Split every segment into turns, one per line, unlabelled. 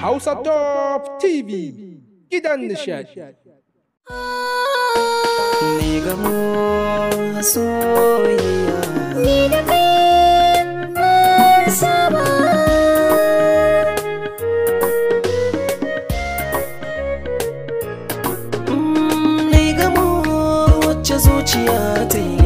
Hausa Top TV
gidan nishadi. Ni gamo soyayya. Ni da saba.
Ni gamo wacce zuciya ta yi.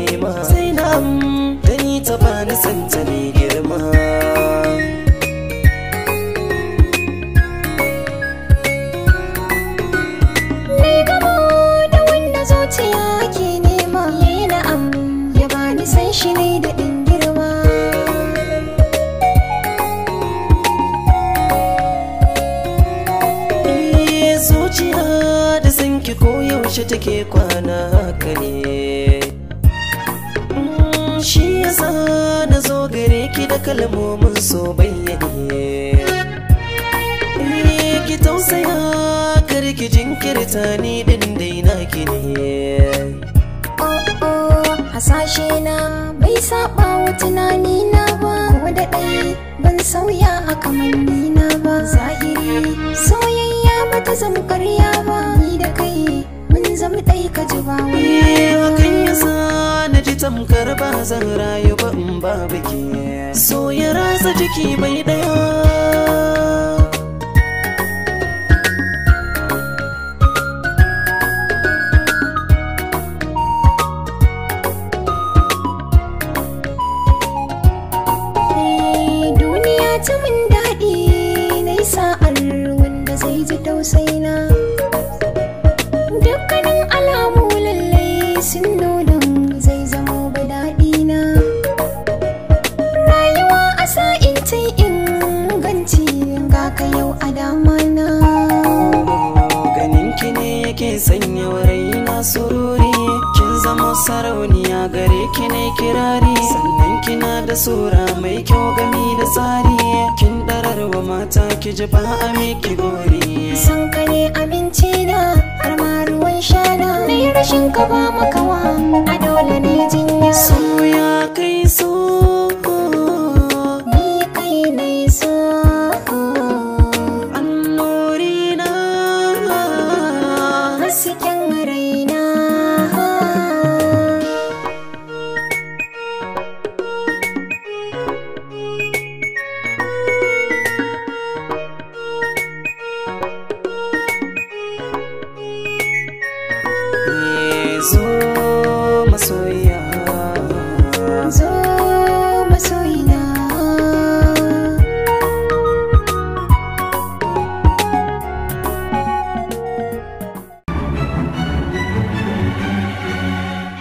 shi take kwana haka ne mm, shi yasa na zo gare ki da kalmomin so bayyane eh, ki tausaya kar ki jinkirta ni din na ki ne oh,
oh, hasashe na bai saba wa tunani na ba ko da ban sauya a kamanni na ba zahiri soyayya ta zama karya. ka ji ba wani eh, yasa
na ji tamkar ba zan rayu ba in ba biki so ya ratsa jiki bai daya
eh, ta daɗi na yi sa'ar wanda zai ji tausaina. yau a damana
ganin ki ne yake sanya raina sururi kin zama sarauniya gare ki ne kirari sannan kina da sura mai kyau gami da tsari kin wa mata ki ji ba a miki gori san ka ne
abinci na har ma ruwan shana na rashin ka ba makawa